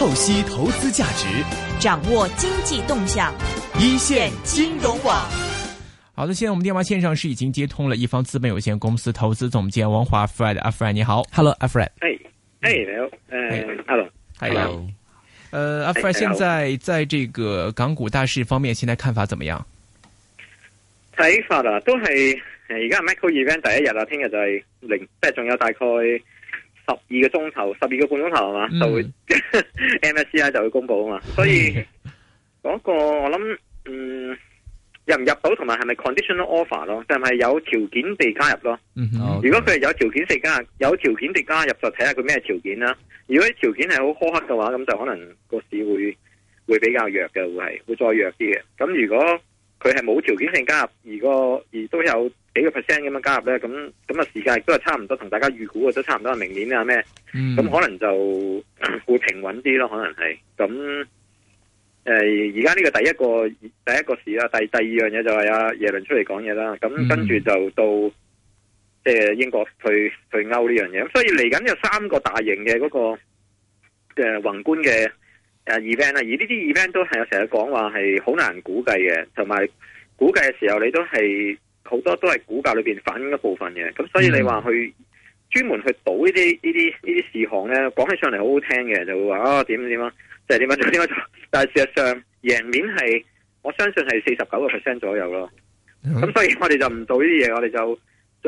透析投資價值，掌握經濟動向，一線金融網。好的，現在我們電話線上是已經接通了一方資本有限公司投資總監王華 （Fred 阿 Fred）。你好，Hello 阿 Fred。哎哎，你好，Hello，Hello 呃，阿 Fred，現在 hey. 在這個港股大市方面，現在看法怎麼樣？睇法啦、啊，都係而家 Michael Event 第一日啦，聽日就係零，即係仲有大概。十二個鐘頭，十二個半鐘頭係嘛，嗯、就會 MSCI 就會公布啊嘛，所以嗰、嗯嗰個我諗，嗯，入唔入到同埋係咪 conditional offer 咯，就係有條件地加入咯。嗯、如果佢係有條件性加入，有條件地加入就睇下佢咩條件啦。如果條件係好苛刻嘅話，咁就可能個市會會比較弱嘅，會係會再弱啲嘅。咁如果佢係冇條件性加入，如果而都有。幾個 percent 咁樣加入咧，咁咁啊時間亦都係差唔多，同大家預估嘅都差唔多係明年啊咩，咁、mm hmm. 可能就會平穩啲咯，可能係咁。誒，而家呢個第一個第一個事啊，第第二樣嘢就係阿、啊、耶倫出嚟講嘢啦，咁、mm hmm. 跟住就到即係、呃、英國退退歐呢樣嘢，所以嚟緊有三個大型嘅嗰、那個嘅、呃、宏觀嘅誒、呃、event 啊，而呢啲 event 都係我成日講話係好難估計嘅，同埋估計嘅時候你都係。好多都係股價裏邊反映一部分嘅，咁所以你話去專門去賭這些這些這些呢啲呢啲呢啲事項咧，講起上嚟好好聽嘅，就會話啊，點點樣，就係點樣做點樣做，但係事實上贏面係我相信係四十九個 percent 左右咯。咁所以我哋就唔賭呢啲嘢，我哋就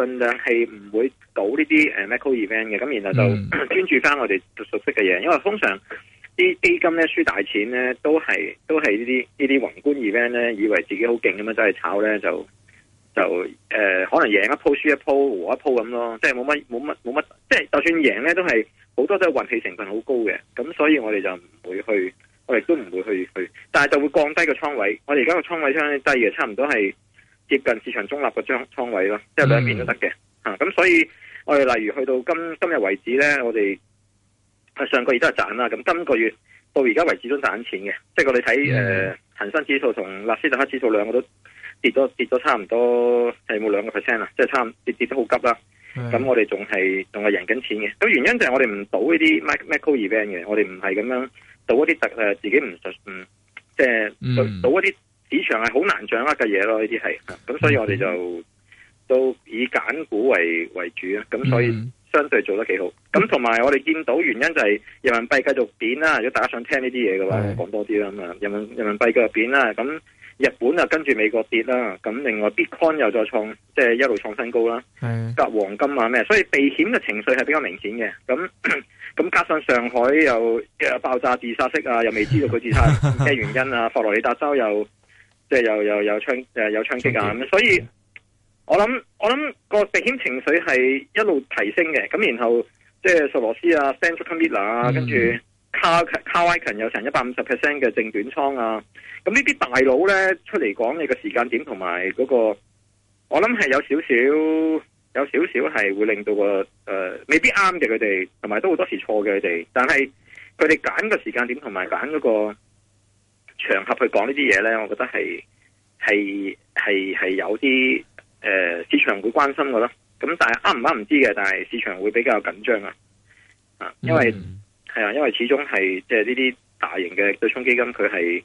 儘量係唔會賭呢啲誒 macro event 嘅。咁然後就、嗯、 專注翻我哋熟悉嘅嘢，因為通常啲基金咧輸大錢咧都係都係呢啲呢啲宏觀 event 咧，以為自己好勁咁樣走去炒咧就。就誒、呃，可能贏一鋪輸一鋪和一鋪咁咯，即係冇乜冇乜冇乜，即係就算贏咧，都係好多都係運氣成分好高嘅。咁所以我哋就唔會去，我哋都唔會去去，但係就會降低個倉位。我哋而家個倉位相當低嘅，差唔多係接近市場中立個倉倉位咯，即係兩邊都得嘅吓。咁、mm hmm. 啊、所以我哋例如去到今今日為止咧，我哋喺上個月都係賺啦。咁今個月到而家為止都賺錢嘅，即係我哋睇誒恒生指數同納斯達克指數兩個都。跌咗跌咗差唔多係冇兩個 percent 啦，即係差唔跌跌,跌得好急啦。咁是的 我哋仲係仲係贏緊錢嘅。咁原因就係我哋唔賭呢啲 macro event 嘅，嗯、我哋唔係咁樣賭一啲特誒、啊、自己唔熟、嗯，即係賭賭一啲市場係好難掌握嘅嘢咯。呢啲係咁，所以我哋就、嗯、都以揀股為為主啊。咁所以相對做得幾好。咁同埋我哋見到原因就係人民幣繼續貶啦、啊。如果大家想聽呢啲嘢嘅話，講是的 多啲啦。咁、嗯、啊，人民人民幣繼續貶啦、啊。咁。日本啊跟住美國跌啦，咁另外 Bitcoin 又再創，即係一路創新高啦，隔是的 黃金啊咩，所以避險嘅情緒係比較明顯嘅。咁咁加上上海又爆炸自殺式啊，又未知道佢自殺嘅原因啊， 佛羅里達州又即係又又又槍誒 有槍擊啊，咁所以我想，我諗我諗個避險情緒係一路提升嘅。咁然後即係索羅斯啊，Stan Klyner 啊，跟住。卡卡威群有成一百五十 percent 嘅正短倉啊！咁呢啲大佬咧出嚟講你嘅時間點同埋嗰個，我諗係有少少有少少係會令到個誒、呃、未必啱嘅佢哋，同埋都好多時錯嘅佢哋。但係佢哋揀嘅時間點同埋揀嗰個場合去講呢啲嘢咧，我覺得係係係係有啲誒、呃、市場會關心嘅咯。咁但係啱唔啱唔知嘅，但係市場會比較緊張啊！啊，因為、嗯。係啊，因為始終係即係呢啲大型嘅對沖基金佢係，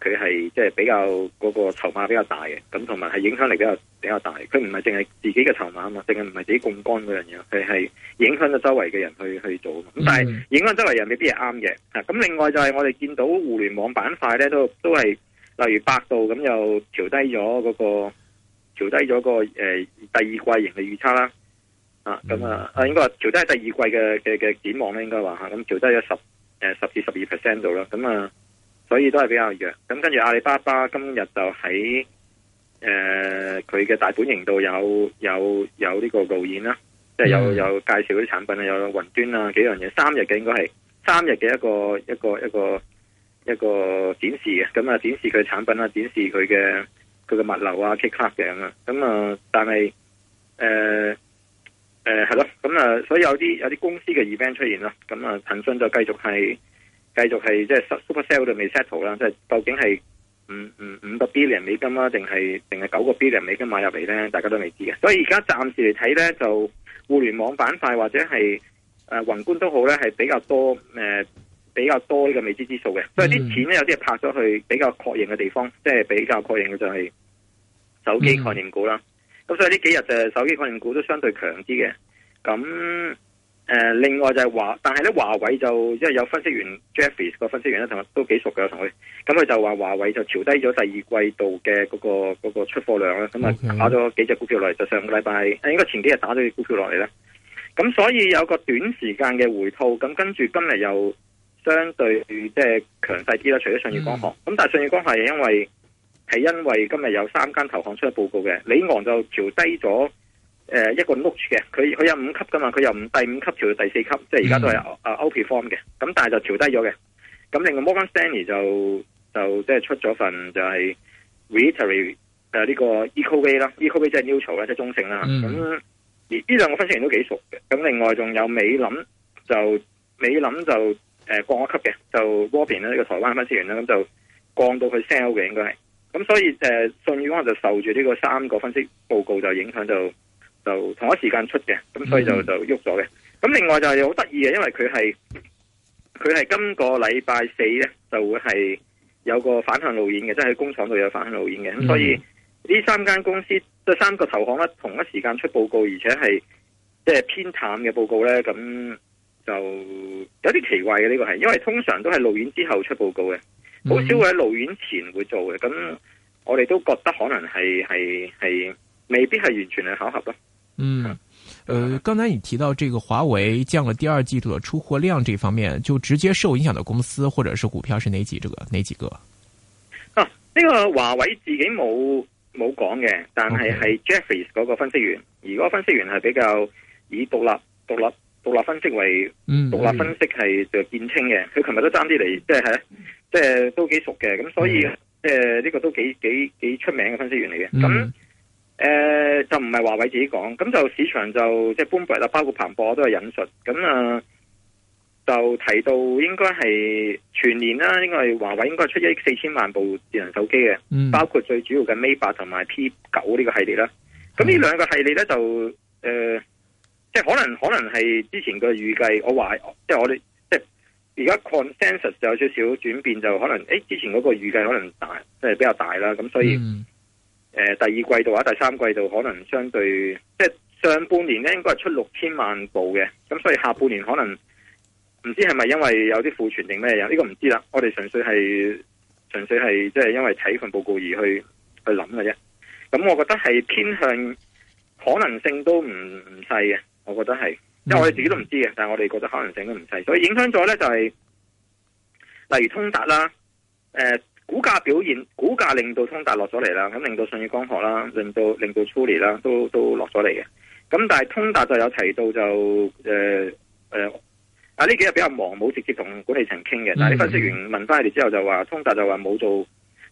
佢係佢係即係比較嗰個籌碼比較大嘅，咁同埋係影響力比較比較大。佢唔係淨係自己嘅籌碼啊嘛，淨係唔係自己槓桿嗰樣嘢，佢係影響到周圍嘅人去去做咁，但係影響周圍嘅人未必係啱嘅吓。咁另外就係我哋見到互聯網板塊咧，都都係例如百度咁又調低咗嗰個調低咗個，誒，呃，第二季盈利預測啦。啊，咁啊，啊應該話橋仔第二季嘅嘅嘅展望咧，應該話吓，咁橋低咗十誒十至十二 percent 度啦，咁、呃、啊，所以都係比較弱。咁跟住阿里巴巴今日就喺誒佢嘅大本營度有有有呢個路演啦，即係有有介紹啲產品啊，有雲端啊幾樣嘢，三日嘅應該係三日嘅一個一個一個一個，一個展示嘅，咁啊展示佢產品啊，展示佢嘅佢嘅物流啊 t c k up 咁啊，咁啊，但係誒。呃誒，係咯、嗯，咁啊、嗯，所以有啲有啲公司嘅 event 出現啦，咁啊騰訊就繼續係繼續係即係 Supercell 都未 settle 啦，即係究竟係五五五個 billion 美金啦，定係定係九個 billion 美金買入嚟咧，大家都未知嘅。所以而家暫時嚟睇咧，就互聯網板塊或者係誒、呃、宏觀都好咧，係比較多誒、呃、比較多呢個未知之數嘅。所以啲錢呢有啲係拍咗去比較確認嘅地方，即係比較確認嘅就係手機概念股啦。嗯嗯咁所以呢幾日就手機概念股都相對強啲嘅，咁誒、呃，另外就係華，但係咧華為就因為有分析員 Jeffrey 個分析員咧同我都幾熟嘅，同佢，咁佢就話華為就調低咗第二季度嘅嗰、嗰個嗰、嗰個出貨量啦，咁啊打咗幾隻股票落嚟，Okay. 就上個禮拜，應該前幾日打咗啲股票落嚟啦。咁所以有個短時間嘅回吐，咁跟住今日又相對即係強勢啲啦，除咗信義光學，咁、mm. 但係信義光學又因為。係因為今日有三間投行出咗報告嘅，李昂就調低咗誒、呃、一個 notch 嘅，佢佢有五級噶嘛，佢由第五級調到第四級，即係而家都係誒 outperform 嘅，咁但係就調低咗嘅。咁另外 Morgan Stanley 就就即係出咗份就係 reiter 誒、呃、呢、這個 equal weight 啦，equal weight 即係 neutral 啦，即、e、係中性啦。咁而呢兩個分析員都幾熟嘅。咁另外仲有美林就美林就誒、呃、降一級嘅，就 Robin 咧呢個台灣分析員啦。咁就降到佢 sell 嘅應該係。咁、嗯、所以誒、呃，信義我就受住呢個三個分析報告就影響，就就同一時間出嘅，咁、mm hmm. 所以就就喐咗嘅。咁另外就係好得意嘅，因為佢係佢係今個禮拜四咧就會係有個反向路演嘅，即係喺工廠度有反向路演嘅。咁、mm hmm. 所以呢三間公司即三個投行咧同一時間出報告，而且係即係偏淡嘅報告咧，咁就有啲奇怪嘅呢個係，因為通常都係路演之後出報告嘅。好少會喺路演前會做嘅，咁我哋都覺得可能係係係未必係完全係巧合咯。嗯，誒、呃，剛才你提到這個華為降了第二季度嘅出貨量，這方面就直接受影響到公司或者是股票是哪幾？這個哪幾個？啊，呢、這個華為自己冇冇講嘅，但係係 Jefferies 嗰個分析員，而嗰個分析員係比較以獨立、獨立、獨立分析為、嗯、獨立分析係、哎、就見稱嘅。佢琴日都爭啲嚟，即係。即係都幾熟嘅，咁所以這，即係呢個都幾幾幾出名嘅分析員嚟嘅。咁誒、嗯呃，就唔係華為自己講，咁就市場就即係崩潰啦，包括彭博都有引述。咁啊，就提到應該係全年啦，應該係華為應該出一億四千萬部智能手機嘅，嗯、包括最主要嘅 Mate 八同埋 P 九呢個系列啦。咁呢兩個系列咧就誒、嗯呃，即係可能可能係之前嘅預計，我話即係我哋。而家 consensus 就有少少轉變，就可能誒，之前嗰個預計可能大，即係比較大啦。咁所以誒、mm. 呃，第二季度或者第三季度可能相對即係上半年咧，應該係出六千萬部嘅。咁所以下半年可能唔知係咪因為有啲庫存定咩嘢？呢個唔知啦。我哋純粹係純粹係即係因為睇份報告而去去諗嘅啫。咁我覺得係偏向可能性都唔唔細嘅，我覺得係。因為 我自己都唔知嘅，但係我哋覺得可能性都唔細，所以影響咗咧就係、是，例如通達啦，誒、呃、股價表現，股價令到通達落咗嚟啦，咁令到舜宇光學啦，令到令到 Truly 啦，都都落咗嚟嘅。咁但係通達就有提到就誒誒，啊、呃、呢、呃、幾日比較忙，冇直接同管理層傾嘅。但係你分析完問翻佢哋之後就話，通達就話冇做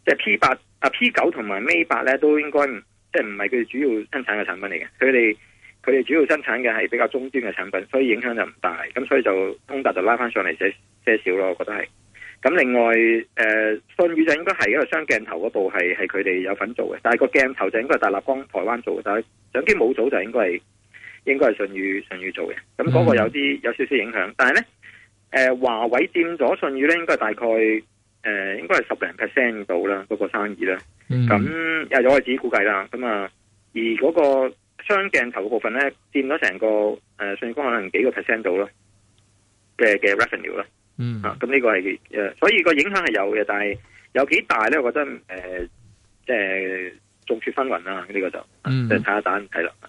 即係、就是、P 八啊 P 九同埋 M 八咧，都應該即係唔係佢哋主要生產嘅產品嚟嘅，佢哋。佢哋主要生產嘅係比較中端嘅產品，所以影響就唔大。咁所以就通達就拉翻上嚟，即係些少咯。我覺得係。咁另外，誒、呃、信宇就應該係一個雙鏡頭嗰部，係係佢哋有份做嘅。但係個鏡頭就應該係大立光台灣做嘅，但係相機模組就應該係應該係信宇信宇做嘅。咁嗰個有啲、mm hmm. 有少少影響，但係咧，誒、呃、華為佔咗信宇咧，應該係大概誒、呃、應該係十零 percent 度啦，嗰、那個生意啦。咁又咗我自己估計啦。咁啊，而嗰、那個。雙鏡頭嘅部分咧，佔咗成個誒，訊、呃、光可能幾個 percent 到咯嘅嘅 revenue 啦。的的的 revenue，嗯啊，咁呢個係誒，所以個影響係有嘅，但係有幾大咧？我覺得誒，即係眾說紛紜啦，呢、就是啊這個就即係睇下單睇啦。嗯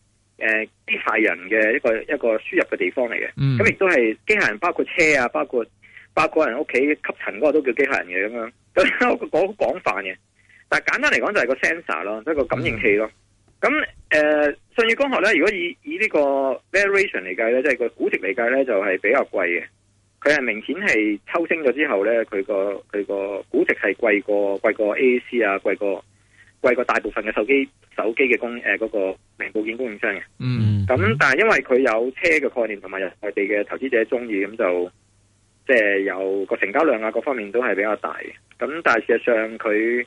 誒，機械、呃、人嘅一個一個輸入嘅地方嚟嘅，咁亦、mm hmm. 都係機械人，包括車啊，包括包括人屋企吸塵嗰個都叫機械人嘅咁樣，咁講好廣泛嘅。但係簡單嚟講就係個 sensor 咯，即係個感應器咯。咁、就、誒、是，舜宇、mm hmm. 呃、光學咧，如果以以呢個 valuation 嚟計咧，即係個估值嚟計咧，就係比較貴嘅。佢係明顯係抽升咗之後咧，佢個佢個估值係貴過貴過 A A C 啊，貴過。貴過大部分嘅手機手機嘅供誒個零部件供應商嘅，嗯，咁但係因為佢有車嘅概念同埋有內地嘅投資者中意，咁就即係、就是、有個成交量啊，各方面都係比較大嘅。咁但係事實上佢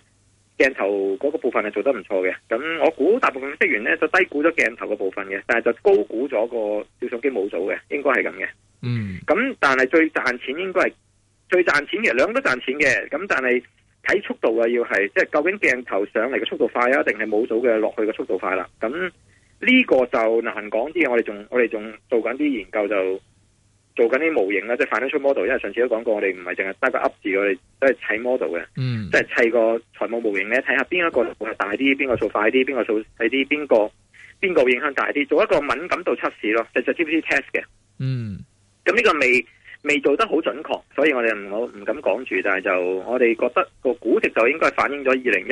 鏡頭嗰個部分係做得唔錯嘅。咁我估大部分職員呢，就低估咗鏡頭嘅部分嘅，但係就高估咗個照相機模組嘅，應該係咁嘅。嗯，咁但係最賺錢應該係最賺錢嘅，兩個都賺錢嘅，咁但係。睇速度啊，要係即係究竟鏡頭上嚟嘅速度快啊，定係冇組嘅落去嘅速度快啦、啊？咁呢個就難講啲。我哋仲我哋仲做緊啲研究就一些，就做緊啲模型啦，即係 financial model。因為上次都講過，我哋唔係淨係得個 up 字，我哋都係砌 model 嘅，即係砌個財務模型咧，睇下邊一個大啲，邊個數快啲，邊個數睇啲，邊個邊個影響大啲，做一個敏感度測試咯，就就是、TPT test 嘅。嗯，咁呢個未。未做得好準確，所以我哋唔好唔敢講住，但係就我哋覺得個估值就應該反映咗二零一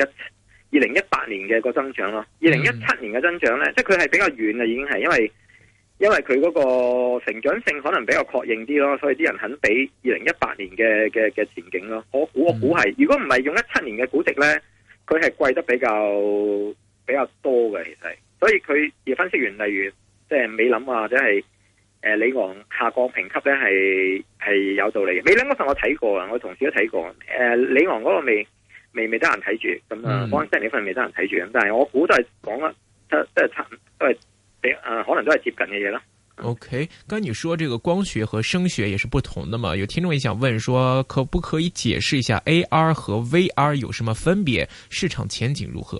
二零一八年嘅個增長咯，二零一七年嘅增長呢，即係佢係比較遠啊，已經係因為因為佢嗰個成長性可能比較確認啲咯，所以啲人肯畀二零一八年嘅嘅嘅前景咯。我估我估係，嗯、如果唔係用一七年嘅估值呢，佢係貴得比較比較多嘅，其實。所以佢而分析完，例如即係、就是、美林或者係。誒、呃，李昂下降評級咧係係有道理嘅。美領嗰份我睇過啊，我同事都睇過。誒、呃，李昂嗰個未未未得人睇住，咁、嗯、啊，光星份未得人睇住。但係我估都係講一即係差，都係、呃、可能都係接近嘅嘢咯。OK，跟住你說，這個光學和聲學也是不同的嘛？有聽眾也想問，說可不可以解釋一下 AR 和 VR 有什麼分別？市場前景如何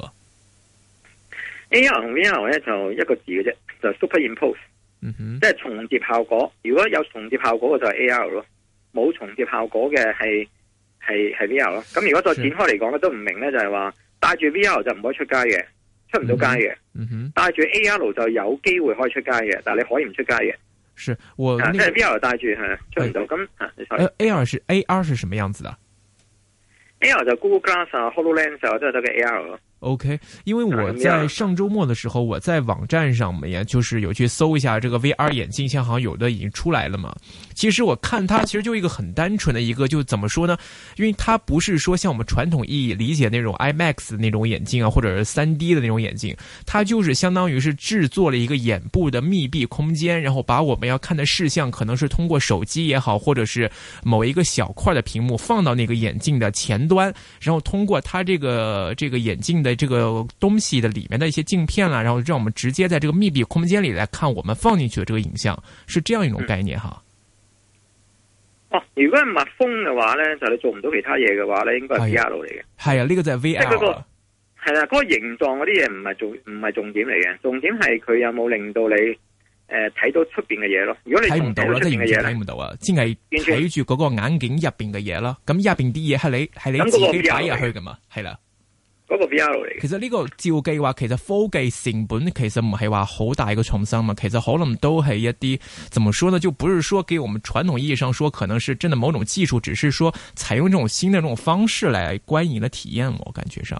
？AR 同 VR 咧就一個字嘅啫，就 superimpose。嗯、即係重疊效果，如果有重疊效果嘅就係 A R 咯，冇重疊效果嘅係係係 V R 咯。咁如果再展開嚟講咧，是都唔明咧就係、是、話帶住 V R 就唔可以出街嘅，出唔到街嘅。嗯哼，帶住 A R 就有機會可以出街嘅，但係你可以唔出街嘅。是，我、那個啊、即係 V R 帶住係出唔到。咁、哎、那啊，你睇下。啊、A R 是 A R 是什麼樣子的？A R 就 Google Glass 啊，HoloLens 啊，都係得嘅 A R 咯。OK，因為我在上周末的時候，我在網站上面也就是有去搜一下這個 VR 眼鏡，現在好像有的已經出來了嘛。其實我看它其實就一個很單純的一個，就怎麼說呢？因為它不是說像我們傳統意義理解那種 IMAX 那種眼鏡啊，或者是 3D 的那種眼鏡，它就是相當於是製作了一個眼部的密閉空間，然後把我們要看的視像可能是通過手機也好，或者是某一個小塊的屏幕放到那個眼鏡的前端，然後通過它這個這個眼鏡的。這個東西的裏面的一些鏡片啦，然後讓我們直接在這個密閉空間裏來看我們放進去的這個影像，是這樣一種概念哈。嗯、哦，如果係密封嘅話咧，就是、你做唔到其他嘢嘅話咧，應該係 V R 嚟嘅。係啊、哎，呢、哎這個就係 V R 啊。係啦、那個，嗰、那個形狀嗰啲嘢唔係重唔係重點嚟嘅，重點係佢有冇令到你誒睇、呃、到出邊嘅嘢咯。如果你睇唔到咧，出邊嘅嘢睇唔到啊，只係睇住嗰個眼鏡入邊嘅嘢咯。咁入邊啲嘢係你係你自己擺入去噶嘛？係啦。個其實呢個照計話，其實科技成本其實唔係話好大嘅創新嘛，其實可能都係一啲，怎麼說呢？就不是說，給我們傳統意義上說，可能是真的某種技術，只是說採用這種新的這種方式嚟觀影嘅體驗。我感覺上，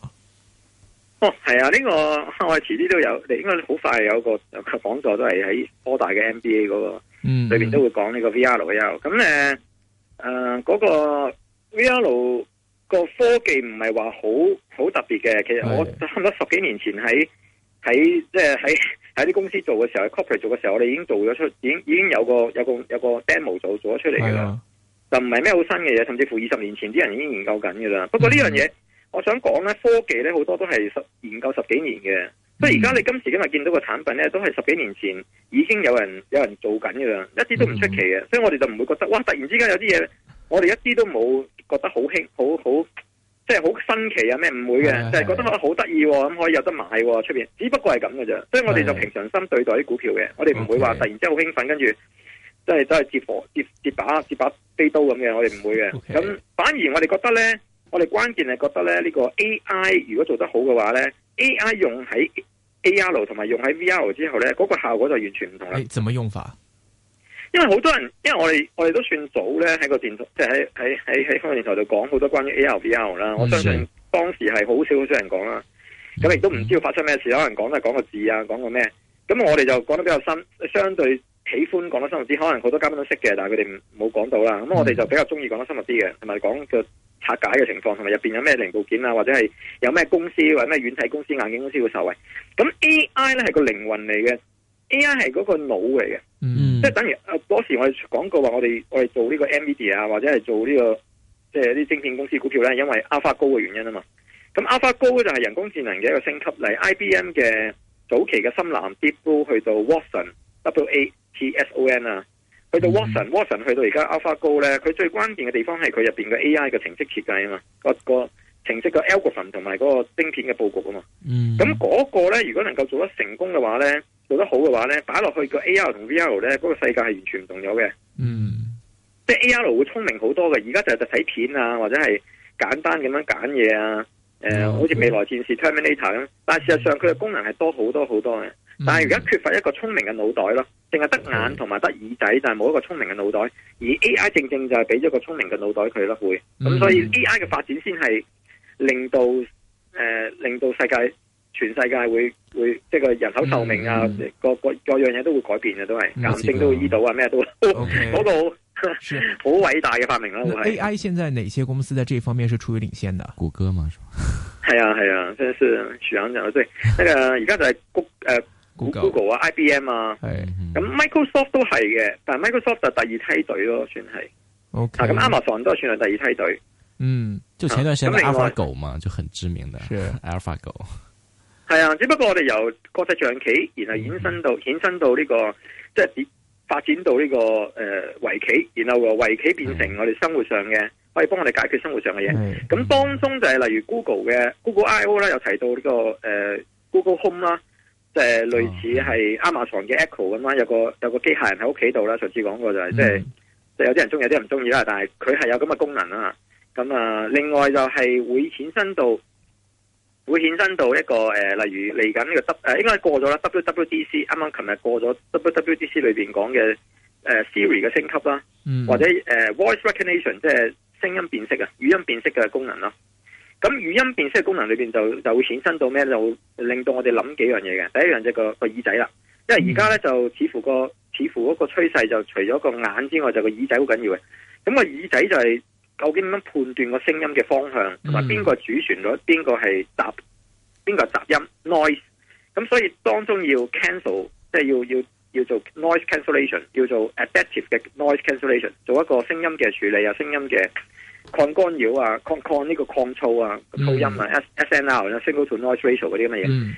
係、哦、啊，呢、這個我遲啲都有，應該好快有個有個講座都係喺科大嘅 MBA 嗰、那個，嗯，嗯，裏邊都會講呢個 V R o 嘅咁咧，誒，嗰、呃那個 V R o 個科技唔係話好好特別嘅，其實我差唔多十幾年前喺喺即係喺喺啲公司做嘅時候，喺 corporate 做嘅時候，我哋已經做咗出，已經已經有個有個有個 demo 做咗出嚟噶，就唔係咩好新嘅嘢，甚至乎二十年前啲人已經研究緊噶啦。不過呢樣嘢，嗯、我想講咧，科技咧好多都係十研究十幾年嘅，不、嗯、所以而家你今時今日見到個產品咧，都係十幾年前已經有人有人做緊噶啦，一啲都唔出奇嘅，嗯、所以我哋就唔會覺得哇，突然之間有啲嘢。我哋一啲都冇覺得好興，好好即係好新奇啊！咩唔會嘅，是的 就係覺得得好得意咁可以有得買出、啊、邊，只不過係咁嘅啫。所以我哋就平常心對待啲股票嘅，是的 我哋唔會話突然之間好興奮，跟住即係都係接火、接接把、接把飛刀咁嘅，我哋唔會嘅。咁 Okay 反而我哋覺得呢，我哋關鍵係覺得咧呢、呢個 A I 如果做得好嘅話呢，A I 用喺 A R 同埋用喺 V R 之後呢，嗰、那個效果就完全唔同啦。怎麼用法？因為好多人，因為我哋我哋都算早咧喺個電，即係喺喺喺喺香港電台度講好多關於 AR VR 啦。我相信當時係好少好少人講啦，咁亦都唔知道發生咩事，嗯、可能講都係講個字啊，講個咩？咁我哋就講得比較深，相對喜歡講得深入啲。可能好多嘉賓都識嘅，但係佢哋冇講到啦。咁我哋就比較中意講得深入啲嘅，同埋、嗯、講個拆解嘅情況，同埋入邊有咩零部件啊，或者係有咩公司或者咩軟體公司硬件公司會受惠。咁 A I 咧係個靈魂嚟嘅。A.I. 係嗰個腦嚟嘅，即係等於誒，當時我哋講過話，我哋我哋做呢個 NVIDIA 啊，或者係做呢個即係啲晶片公司股票咧，因為 AlphaGo 嘅原因啊嘛。咁 AlphaGo 咧就係人工智能嘅一個升級例。嚟 I.B.M. 嘅早期嘅深藍 Deep Blue 去到 Watson，W.A.T.S.O.N. 啊，A T S o、N, 去到 Watson，Watson、嗯、去到而家 AlphaGo 咧，佢最關鍵嘅地方係佢入邊嘅 A.I. 嘅程式設計啊嘛，個、那個程式嘅 algorithm 同埋嗰個晶片嘅布局啊嘛。咁嗰、嗯、個咧，如果能夠做得成功嘅話咧。做得好嘅話呢，打落去個 AR 同 VR 呢，嗰個世界係完全唔同咗嘅。嗯，即係 AR 會聰明好多嘅。而家就就睇片啊，或者係簡單咁樣揀嘢啊。誒、嗯呃，好似未來戰士 Terminator 咁。但係事實上佢嘅功能係多好多好多嘅。但係而家缺乏一個聰明嘅腦袋咯，淨係得眼同埋得耳仔，但係冇一個聰明嘅腦袋。而 AI 正正就係俾咗個聰明嘅腦袋佢咯，會。咁、嗯、所以 AI 嘅發展先係令到誒、呃，令到世界。全世界會會即係個人口壽命啊，各各樣嘢都會改變嘅，都係癌症都會醫到啊，咩都嗰個好偉大嘅發明啦。A I 現在哪些公司在這方面是處於領先的？谷歌嘛，係啊係啊，即係選人咯，即係那個而家就係谷誒 Google 啊、I B M 啊，咁 Microsoft 都係嘅，但 Microsoft 就第二梯隊咯，算係。O K，咁 Amazon 都係算係第二梯隊。嗯，就前段時間 Alpha 狗嘛，就很知名嘅，是 Alpha 係啊，只不過我哋由國際象棋，然後衍生到衍生到呢、這個，即係發展到呢、這個誒圍、呃、棋，然後啊圍棋變成我哋生活上嘅，的可以幫我哋解決生活上嘅嘢。咁的當中就係、是、例如 Google 嘅 Google I O 啦，又提到呢、這個誒、呃、Google Home 啦，即係類似係 Amazon 嘅 Echo 咁啦，有個有個機械人喺屋企度啦，上次講過就係即係，即係的有啲人中意，有啲人唔中意啦，但係佢係有咁嘅功能啦。咁啊、呃，另外就係會衍生到。會衍生到一個誒、呃，例如嚟緊呢個 W 誒、呃，應該過咗啦。WWDC 啱啱琴日過咗 WWDC 裏邊講嘅誒，Siri 嘅升級啦，mm hmm. 或者誒、呃、，Voice Recognition 即係聲音辨識啊，語音辨識嘅功能咯。咁語音辨識嘅功能裏邊就就會衍生到咩就令到我哋諗幾樣嘢嘅。第一樣就係個個耳仔啦，因為而家咧就似乎個似乎個,似乎個趨勢就除咗個眼之外，就個耳仔好緊要嘅。咁個耳仔就係。究竟點樣判斷個聲音嘅方向，同埋邊個係主旋律，邊個係雜，邊個係雜音 noise？咁所以當中要 cancel，即係要要要做 noise cancellation，叫做 adaptive 嘅 noise cancellation，做一個聲音嘅處理啊，聲音嘅抗干擾啊，抗抗呢個抗噪啊，噪音啊，SNR 啦 signal to noise ratio 嗰啲咁嘅嘢。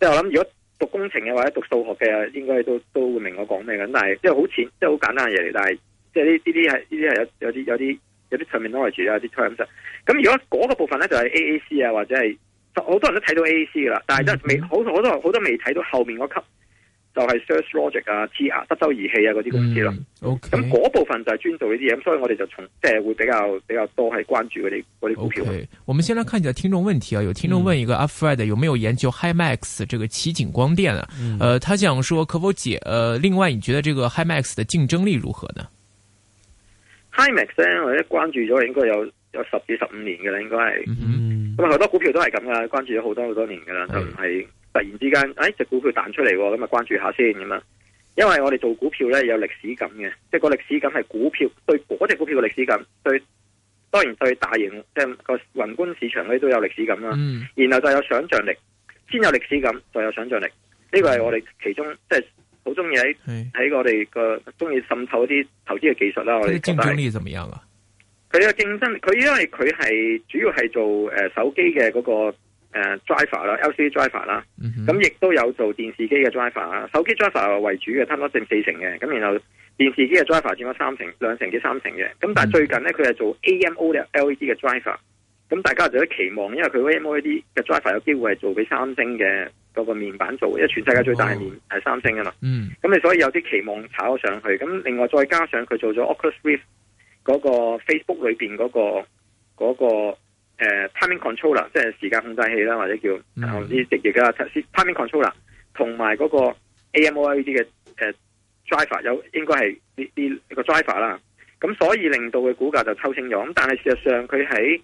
即係我諗，如果讀工程嘅或者讀數學嘅，應該都都會明我講咩嘅。但係即係好淺，即係好簡單嘅嘢嚟。但係即係呢呢啲係呢啲係有有啲有啲。有啲 terminology 啊，啲 terms 咁。如果嗰個部分咧就係 A A C 啊，或者係好多人都睇到 A A C 噶啦，但係都係未好，好、嗯、多好多未睇到後面嗰級就係、是、search logic 啊、T R 德州儀器啊嗰啲公司啦。咁嗰、嗯 okay, 部分就係專做呢啲嘢，咁所以我哋就從即係、就是、會比較比較多係關注嗰啲嗰啲股票。Okay, 我們先來看一下聽眾問題啊，有聽眾問一個阿 Fred 有沒有研究 Himax 這個奇景光電啊？誒、嗯呃，他想說可否解？誒、呃，另外你覺得這個 Himax 的競爭力如何呢？TimeX 咧，我一關注咗應該有有十至十五年嘅啦，應該係。咁啊、mm，好、hmm. 多股票都係咁噶，關注咗好多好多年噶啦，mm hmm. 就唔係突然之間，哎，隻股票彈出嚟，咁啊關注一下先咁啊。因為我哋做股票咧有歷史感嘅，即、就、係、是、個歷史感係股票對嗰隻股票嘅歷史感，對當然對大型即係、就是、個宏觀市場嗰啲都有歷史感啦。Mm hmm. 然後就有想象力，先有歷史感，再有想象力。呢、這個係我哋其中即係。就是好中意喺喺我哋個中意滲透一啲投資嘅技術啦，我哋但係佢嘅競爭力怎麼樣啊？佢嘅競爭，佢因為佢係主要係做誒手機嘅嗰個誒 driver 啦，LCD driver 啦、嗯哼，咁亦都有做電視機嘅 driver 啦。手機 driver 為主嘅，差唔多剩四成嘅，咁然後電視機嘅 driver 佔咗三成兩成至三成嘅，咁但係最近呢，佢係做 AMO LED 嘅 driver。咁大家就有期望，因為佢 AMOLED 嘅 driver 有機會係做俾三星嘅嗰個面板做，因為全世界最大面係、oh. 三星啊嘛。咁你、mm. 所以有啲期望炒咗上去。咁另外再加上佢做咗 Oculus Rift 嗰個 Facebook 裏面嗰、那個嗰、那個呃、timing controller，即係時間控制器啦，或者叫啲直液啊 timing controller，同埋嗰個 AMOLED 嘅 driver 有應該係啲啲個 driver 啦。咁所以令到佢股價就抽清咗。咁但係事實上佢喺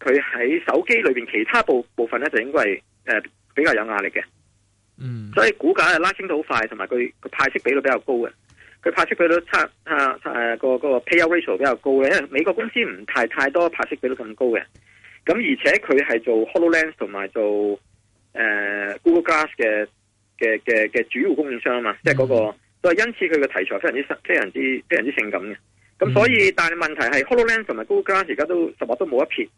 佢喺手機裏邊其他部部分咧，就應該係誒、呃、比較有壓力嘅。嗯，所以股價係拉升到好快，同埋佢個派息比率比較高嘅。佢派息比率差差誒、啊啊啊啊嗰個個 payout ratio 比較高嘅，因為美國公司唔太太多派息比率咁高嘅。咁而且佢係做 HoloLens 同埋做誒、呃、Google Glass 嘅嘅嘅嘅主要供應商啊嘛，即係嗰個。所以因此佢嘅題材非常之非常之非常之，非常之性感嘅。咁所以、嗯、但係問題係 HoloLens 同埋 Google Glass 而家都十日都冇一撇。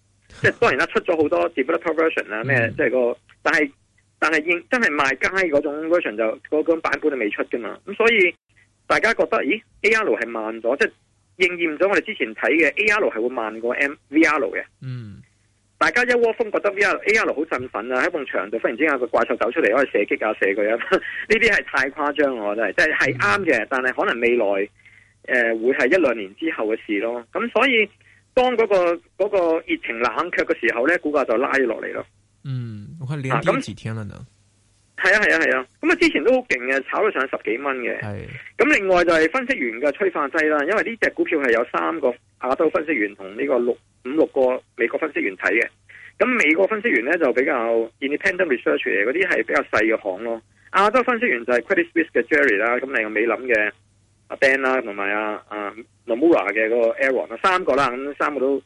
即係當然啦，出咗好多 developer version 啊咩，即係個，但係但係應真係賣街嗰種 version 就嗰種、那個、版本就未出噶嘛，咁所以大家覺得咦，AR 係慢咗，即、就、係、是、應驗咗我哋之前睇嘅 AR 係會慢過 MVR 嘅。嗯，大家一窩蜂覺得 VR、mm hmm. AR 好振奮啊，喺埲牆度忽然之間有個怪獸走出嚟可以射擊啊射，射佢啊，呢啲係太誇張我真係，即係係啱嘅，mm hmm. 但係可能未來誒、呃、會係一兩年之後嘅事咯，咁所以。當嗰、那個嗰、那個熱情冷卻嘅時候咧，股價就拉落嚟咯。嗯，我睇連跌了幾天了呢。係啊係啊係啊，咁啊，啊，啊，啊之前都好勁嘅，炒咗上十幾蚊嘅。係是，咁另外就係分析員嘅催化劑啦。因為呢隻股票係有三個亞洲分析員同呢個六五六個美國分析員睇嘅。咁美國分析員咧就比較 independent research 嚟，嗰啲係比較細嘅行咯。亞洲分析員就係 Credit Suisse 嘅 Jerry 啦，咁你個美林嘅。阿 Ben 啦、啊，同埋阿、啊、阿、啊、Nomura 嘅嗰個 Aaron 啦、啊，三個啦，咁三個都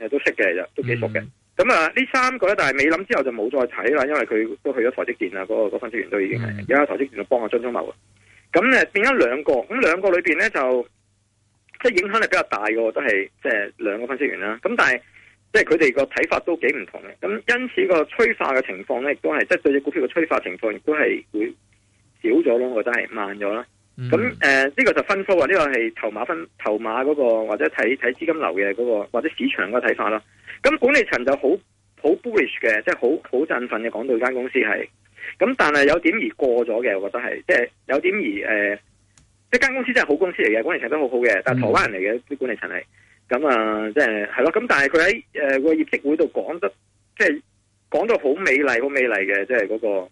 誒都識嘅嚟都幾熟嘅。咁、mm hmm. 啊，呢三個咧，但係未諗之後就冇再睇啦，因為佢都去咗台積電啦，嗰、那個分析員都已經係而家台積電就幫阿張忠謀咁誒變咗兩個，咁兩個裏邊咧就即係影響力比較大嘅，都係即係兩個分析員啦。咁但係即係佢哋個睇法都幾唔同嘅。咁因此個催化嘅情況咧，亦都係即係對於股票嘅催化情況，亦都係會少咗咯，我覺得係慢咗啦。咁誒，呢、嗯嗯、個就分科話，呢、這個係籌碼分籌碼嗰、那個，或者睇睇資金流嘅嗰、那個，或者市場嗰個睇法囉。咁管理層就好好 bullish 嘅，即係好好振奮嘅講到間公司係。咁但係有點而過咗嘅，我覺得係，即係有點而誒，一、呃、間公司真係好公司嚟嘅，管理層都好好嘅，但係台灣人嚟嘅啲管理層係。咁、嗯、啊，即係係咯。咁但係佢喺誒個業績會度講得，即係講到好美麗，好美麗嘅，即係嗰個，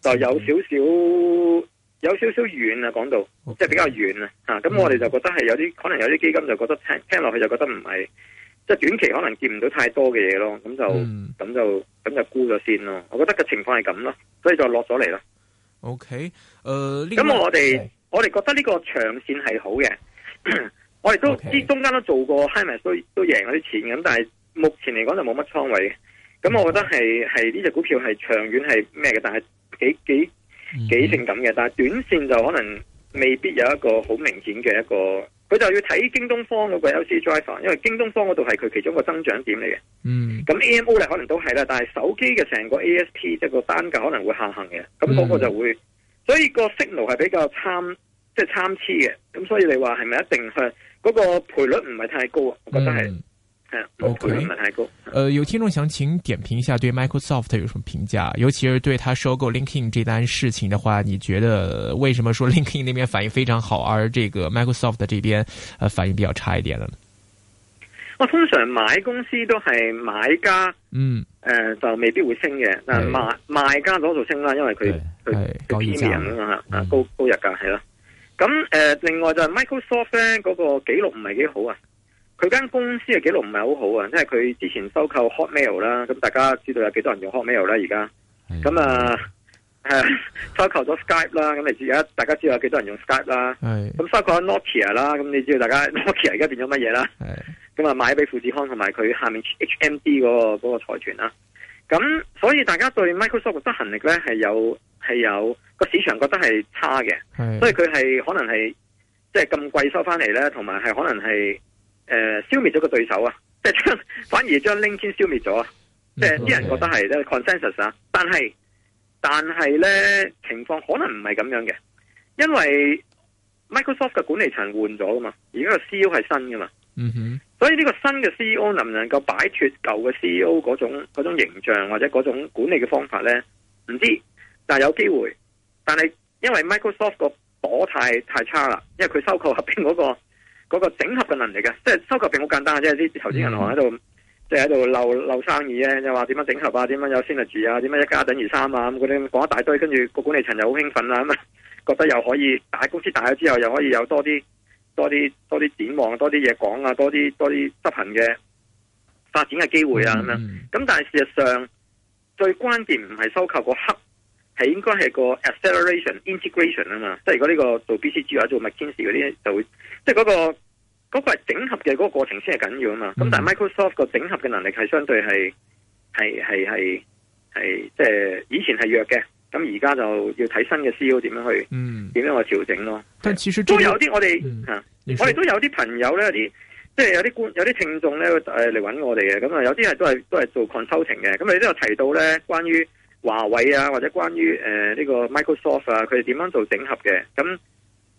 就有少少。嗯有少少遠啊，講到 Okay. 即係比較遠啊，吓咁我哋就覺得係有啲，mm. 可能有啲基金就覺得聽聽落去就覺得唔係，即、就、係、是、短期可能見唔到太多嘅嘢咯，咁就咁、mm. 就咁就沽咗先咯。我覺得嘅情況係咁咯，所以就落咗嚟啦。OK，誒、uh,，咁我哋我哋覺得呢個長線係好嘅， 我哋都知，中間都做過，起碼 Okay. 都都贏咗啲錢咁，但係目前嚟講就冇乜倉位嘅。咁我覺得係係呢隻股票係長遠係咩嘅，但係幾幾。幾性、嗯、感嘅，但係短線就可能未必有一個好明顯嘅一個，佢就要睇京東方嗰個 LC Drive，因為京東方嗰度係佢其中一個增長點嚟嘅。嗯，咁 AMO 咧可能都係啦，但係手機嘅成個 ASP 即係個單價可能會下行嘅，咁嗰個就會，嗯、所以個 signal 係比較參，即係參差嘅。咁所以你話係咪一定係嗰個賠率唔係太高啊？我覺得係。嗯 OK，唔係太高，呃、有聽眾想請點評一下對 Microsoft 有什麼評價，尤其是對他收購 LinkedIn 這單事情的話，你覺得為什麼說 LinkedIn 那邊反應非常好，而這個 Microsoft 這邊、呃、反應比較差一點呢？我、啊、通常買公司都係買家，嗯，誒、呃、就未必會升嘅，但買、嗯、賣，賣家嗰度升啦，因為佢佢佢高、嗯、高入價係啦，咁誒、嗯啊、另外就係 Microsoft 咧、嗰個記錄唔係幾好啊。佢間公司嘅記錄唔係好好啊，因為佢之前收購 Hotmail 啦，咁大家知道有幾多人用 Hotmail 啦，而家咁啊收購咗 Skype 啦，咁你知而家大家知道有幾多人用 Skype 啦的，咁收購 Nokia、ok、啦，咁你知道大家 Nokia、ok、而家變咗乜嘢啦？咁啊的買俾富士康同埋佢下面 HMD 嗰個嗰個財團啦。咁所以大家對 Microsoft 嘅執行力咧係有係有個市場覺得係差嘅，的所以佢係可能係即係咁貴收翻嚟咧，同埋係可能係。誒、呃，消滅咗個對手啊，即係將反而將 LinkedIn 消滅咗，啊。Mm hmm. 即係啲人覺得係咧 consensus 啊，但係但係咧情況可能唔係咁樣嘅，因為 Microsoft 嘅管理層換咗噶嘛，而家個 CEO 係新噶嘛，嗯哼、mm，hmm. 所以呢個新嘅 CEO 能唔能夠擺脫舊嘅 CEO 嗰種嗰種形象或者嗰種管理嘅方法咧，唔知，但係有機會，但係因為 Microsoft 個波太太差啦，因為佢收購合邊嗰個。嗰個整合嘅能力嘅，即係收購並好簡單嘅，即係啲投資銀行喺度，即係喺度漏漏生意咧，又話點樣整合啊，點樣有 synergy 住啊，點樣一加等於三啊，咁嗰啲講一大堆，跟住個管理層又好興奮啊。咁、嗯、啊覺得又可以大公司大咗之後，又可以有多啲多啲多啲展望，多啲嘢講啊，多啲多啲執行嘅發展嘅機會啊咁啊，咁、嗯嗯、但係事實上，最關鍵唔係收購個黑，係應該係個 acceleration integration 啊嘛，即係如果呢個做 B C G 或者做 McKinsey 嗰啲就會，即係嗰、那個。嗰個整合嘅嗰個過程先係緊要啊嘛，咁但係 Microsoft 個整合嘅能力係相對係係係係係即係以前係弱嘅，咁而家就要睇新嘅 CEO 點樣去，點樣、嗯、去調整咯。但其實都有啲我哋我哋都有啲朋友咧，啲即係有啲觀有啲聽眾咧誒嚟揾我哋嘅，咁啊有啲係都係都係做 consulting 嘅，咁你都有提到咧關於華為啊或者關於誒呢、呃這個 Microsoft 啊佢哋點樣做整合嘅，咁、嗯、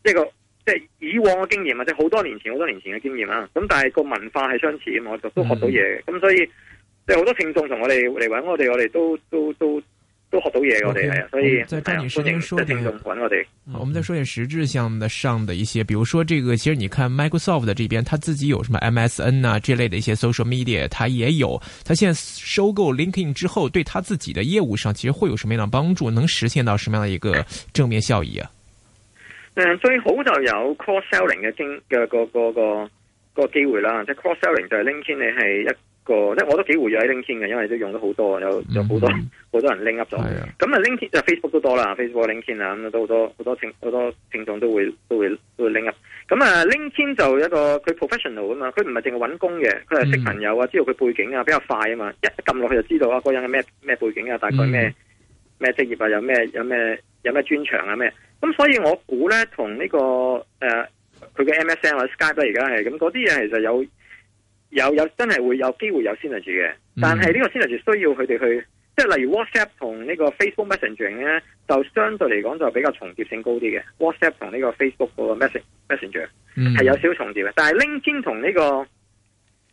呢個。即係以往嘅經驗，或者好多年前、好多年前嘅經驗啦。咁但係個文化係相似，我就都學到嘢。咁、嗯、所以即係好多聽眾同我哋嚟揾我哋，我哋都都都都學到嘢。我哋係啊，所以係啊，都值得揾我哋。我哋再講點實質上的上的一些，比如說這個，其實你看 Microsoft 的這邊，它自己有什麼 MSN 啊，這類的一些 social media，它也有。它現在收購 LinkedIn 之後，對它自己的業務上，其實會有什麼樣的幫助？能實現到什麼樣的一個正面效益啊？嗯誒、嗯、最好就有 cross selling 嘅經嘅個個個個機會啦，即、就、係、是、cross selling 就係 LinkedIn 你係一個，即係我都幾活躍喺 LinkedIn 嘅，因為都用咗好多，有、嗯、有好多好、嗯、多人了、啊、link 咗。咁啊 LinkedIn 就 Facebook 都多啦，Facebook LinkedIn 啊咁都好多好多好多聽眾都會都會都會 link 入。咁、嗯、啊 LinkedIn 就一個佢 professional 啊嘛，佢唔係淨係揾工嘅，佢係識朋友啊，嗯、知道佢背景啊，比較快啊嘛，一撳落去就知道啊嗰人係咩咩背景啊，大概咩。嗯咩職業啊？有咩有咩有咩專長啊？咩咁？所以我估咧，同呢、這個誒，佢、呃、嘅 M S N 或、啊、者 Skype 而家係咁嗰啲嘢，那那其實有有有真係會有機會有 synergy 嘅。但係呢個 synergy 需要佢哋去，即係例如 WhatsApp 同呢個 Facebook Messenger 咧，就相對嚟講就比較重疊性高啲嘅。WhatsApp 同呢個 Facebook 嗰個 message messenger 係有少少重疊嘅。但係 LinkedIn 同呢個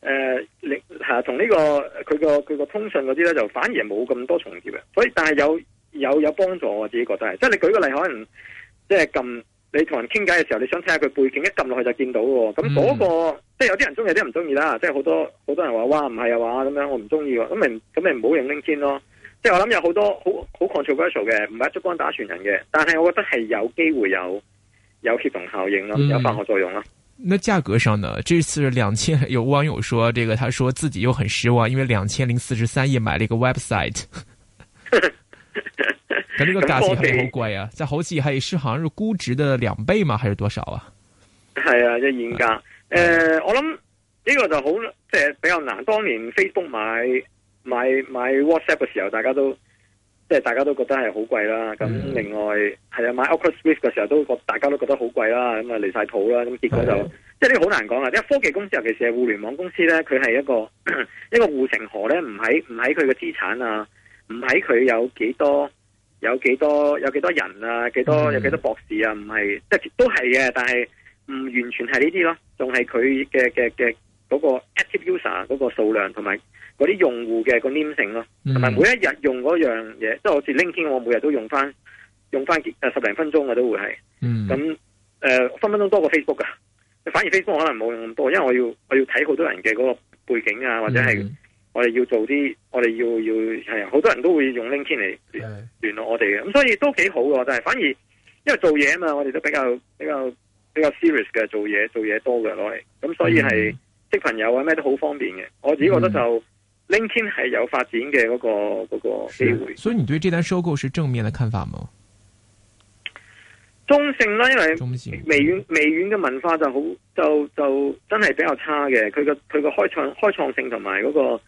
誒同呢個佢個佢個通訊嗰啲咧，就反而冇咁多重疊嘅。所以但係有。有有幫助，我自己覺得係，即係你舉個例，可能即係撳你同人傾偈嘅時候，你想睇下佢背景，一撳落去就見到喎。咁嗰、那個、嗯、即係有啲人中意，有啲人唔中意啦。即係好多好多人話哇，唔係啊，咁樣我唔中意喎。咁明咁咪唔好用拎 i n 咯。即係我諗有好多好 controversial 嘅，唔係一束打船人嘅。但係我覺得係有機會有有協同效應咯，有化學作用咯、嗯。那價格上呢？這次兩千有網友說，這個他說自己又很失望，因為兩千零四十三億買了一個 website。 咁呢 個價錢係咪好貴啊？即係技好似係市行入估值嘅兩倍嘛，還是多少啊？係啊，即係現價。誒、呃，我諗呢個就好，即、就、係、是，比較難。當年 Facebook 買買買 WhatsApp 嘅時候，大家都即係、就是、大家都覺得係好貴啦。咁、嗯、另外係啊，買 Oculus Rift 嘅時候都，大家都覺得好貴啦。咁啊離晒譜啦。咁結果就即係呢，好、啊、難講啊。因為科技公司尤其是係互聯網公司咧，佢係一個 一個護城河咧，唔喺唔喺佢嘅資產啊。唔睇佢有幾多有幾多有幾多人啊？幾多有幾多博士啊？唔係即係都係嘅，但係唔完全係呢啲咯，仲係佢嘅嘅嘅嗰個 active user 啊，嗰個數量同埋嗰啲用戶嘅個黏性咯，同埋、嗯、每一日用嗰樣嘢，即係好似 LinkedIn 我每日都用翻用翻幾十零分鐘，我都會係咁誒分分鐘多過 Facebook 噶，反而 Facebook 我可能冇用咁多，因為我要我要睇好多人嘅嗰個背景啊，或者係。嗯我哋要做啲，我哋要要係啊，好多人都會用 LinkedIn 嚟聯絡我哋嘅，咁的、嗯、所以都幾好嘅，但係反而因為做嘢啊嘛，我哋都比較比較比較 serious 嘅，做嘢做嘢多嘅，攞嚟，咁所以係、嗯、識朋友啊咩都好方便嘅。我自己覺得就、嗯、LinkedIn 係有發展嘅嗰、那個嗰、那個機會。所以你對這單收購是正面的看法嗎？中性啦，因為微軟微軟嘅文化就好就就真係比較差嘅，佢、那個佢個開創開創性同埋嗰個。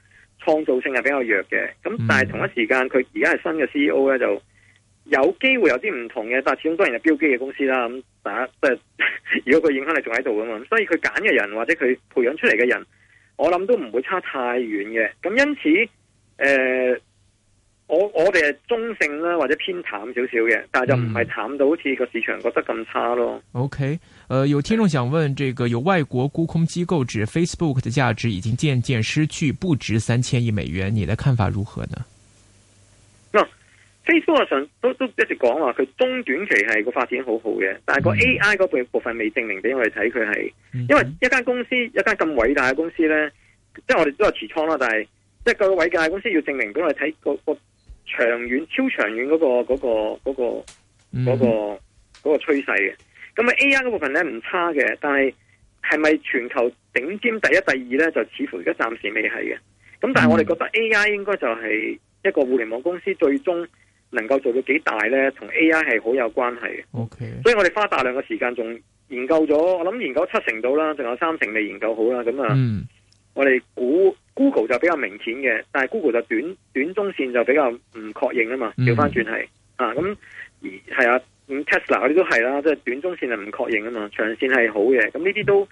創造性係比較弱嘅，咁但係同一時間佢而家係新嘅 CEO 呢，就有機會有啲唔同嘅，但係始終當然係標基嘅公司啦。咁大家，即係如果佢影響力仲喺度嘅嘛，所以佢揀嘅人或者佢培養出嚟嘅人，我諗都唔會差太遠嘅。咁因此，誒、呃。我我哋係中性啦，或者偏淡少少嘅，但係就唔係淡到好似個市場覺得咁差咯。嗯、OK，誒、呃，有聽眾想問，這個有外國沽空機構指 Facebook 嘅價值已經漸漸失去不值三千億美元，你的看法如何呢？嗯、Facebook 上都都一直講話佢中短期係個發展很好好嘅，但係個 AI 嗰部部分未證明俾我哋睇佢係，嗯、因為一間公司一間咁偉大嘅公司呢，即係我哋都有持倉啦，但係即係個偉大公司要證明俾我哋睇個個。長遠、超長遠嗰、嗰個、嗰、嗰個、嗰個、嗰個、嗯、嗰個趨勢嘅，咁啊 A I 嗰部分咧唔差嘅，但係係咪全球頂尖第一、第二咧，就似乎而家暫時未係嘅。咁但係我哋覺得 A I 應該就係一個互聯網公司最終能夠做到幾大咧，同 A I 係好有關係嘅。O Okay . K，所以我哋花大量嘅時間仲研究咗，我諗研究七成到啦，仲有三成未研究好啦。咁啊。嗯我哋估 Google 就比較明顯嘅，但係 Google 就短短中線就比較唔確認啊嘛，調翻轉係啊咁，係啊、嗯、，Tesla 嗰啲都係啦，即、就、係、是、短中線就唔確認啊嘛，長線係好嘅，咁呢啲都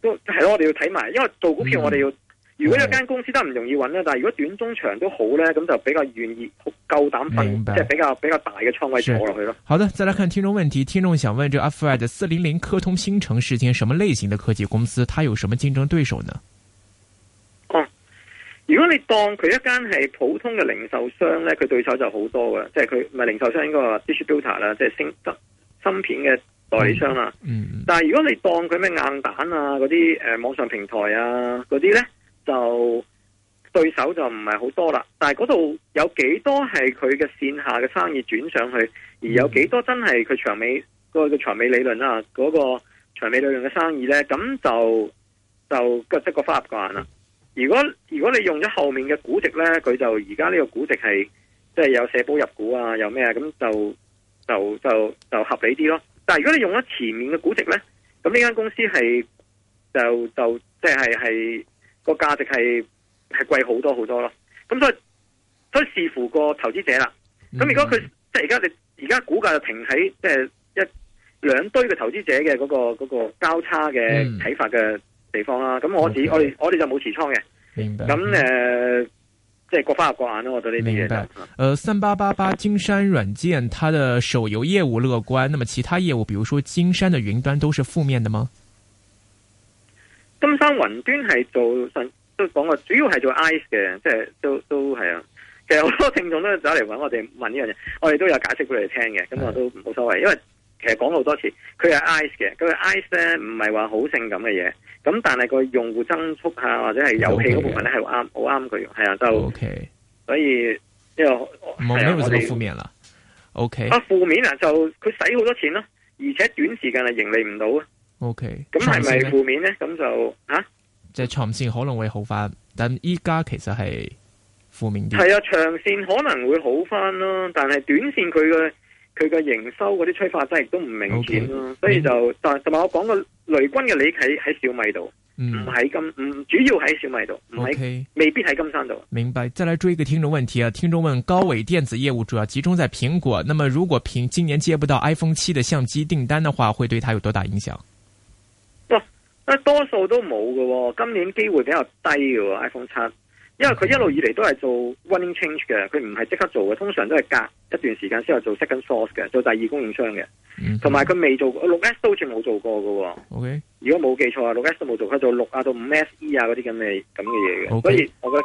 都係咯，我哋要睇埋，因為做股票我哋要，嗯、如果有間公司都唔容易揾呢。但係如果短中長都好咧，咁就比較願意夠膽分，白即係比較比較大嘅倉位坐落去咯。好的，再來看聽眾問題，聽眾想問：，這阿 Fred 四零零科通芯城是間什麼類型的科技公司？它有什麼競爭對手呢？如果你當佢一間係普通嘅零售商呢，佢、嗯、對手就好多嘅，即係佢唔係零售商應該話 distributor 啦，即係芯芯片嘅代理商啦。嗯嗯、但係如果你當佢咩硬蛋啊嗰啲誒網上平台啊嗰啲呢，就對手就唔係好多啦。但係嗰度有幾多係佢嘅線下嘅生意轉上去，而有幾多真係佢長尾嗰個長尾、嗰個、理論啦，嗰個長尾理論嘅生意呢？咁就就個即、嗰個花絮慣啦。嗯如果如果你用咗後面嘅估值呢，佢就而家呢個估值係即係有社保入股啊，有咩啊，咁就就就就合理啲咯。但係如果你用咗前面嘅估值呢，咁呢間公司係就就即係係個價值係係貴好多好多咯。咁所以所以視乎個投資者啦。咁如果佢、嗯、即係而家你而家股價就停喺即係一兩堆嘅投資者嘅嗰個嗰個交叉嘅睇法嘅。嗯地方啦、啊，咁我自己 Okay. 我哋我哋就冇持倉嘅。明白。咁誒，嗯嗯、即係各花入各眼咯，我對呢啲嘢就。明白、呃，三八八八金山軟件，它的手遊業務樂觀，那麼其他業務，比如說金山嘅雲端，都是負面的嗎？金山雲端係做，都講過，主要係做 ICE 嘅，即係都都係啊。其實好多聽眾都走嚟搵我哋問呢樣嘢，我哋都有解釋俾你哋聽嘅，咁的我都冇所謂，因為。其實講好多次，佢係 Ice 嘅，佢 Ice 咧唔係話好性感嘅嘢，咁但係個用戶增速啊或者係遊戲嗰部分咧係啱好啱佢，用、OK。係啊就，OK 所以因為冇咩咁負面啦，OK，, OK 啊負面啊就佢使好多錢咯、啊，而且短時間係盈利唔到啊，OK，咁係咪負面咧？咁就吓？即係長線可能會好翻，但依家其實係負面啲，係啊，長線可能會好翻咯，但係短線佢嘅。佢嘅營收嗰啲催化劑亦都唔明顯咯、啊，okay, 所以就同同埋我講個雷軍嘅利益喺小米度，唔喺、嗯、金，唔主要喺小米度，唔喺 Okay, 未必喺金山度。明白，再嚟追一個聽眾問題啊！聽眾問：高偉電子業務主要集中在蘋果，那麼如果蘋今年接不到 iPhone 七嘅相機訂單嘅話，會對它有多大影響？不，多數都冇㗎、哦，今年機會比較低㗎、哦、iPhone 七。因為佢一路以嚟都係做 running change 嘅，佢唔係即刻做嘅，通常都係隔一段時間先後做 second source 嘅，做第二供應商嘅，同埋佢未做過，六 S 都好似冇做過嘅喎。OK，如果冇記錯啊，六 S 都冇做，佢做六啊，到五 SE 啊嗰啲咁嘅咁嘅嘢嘅。Okay. 所以我覺得。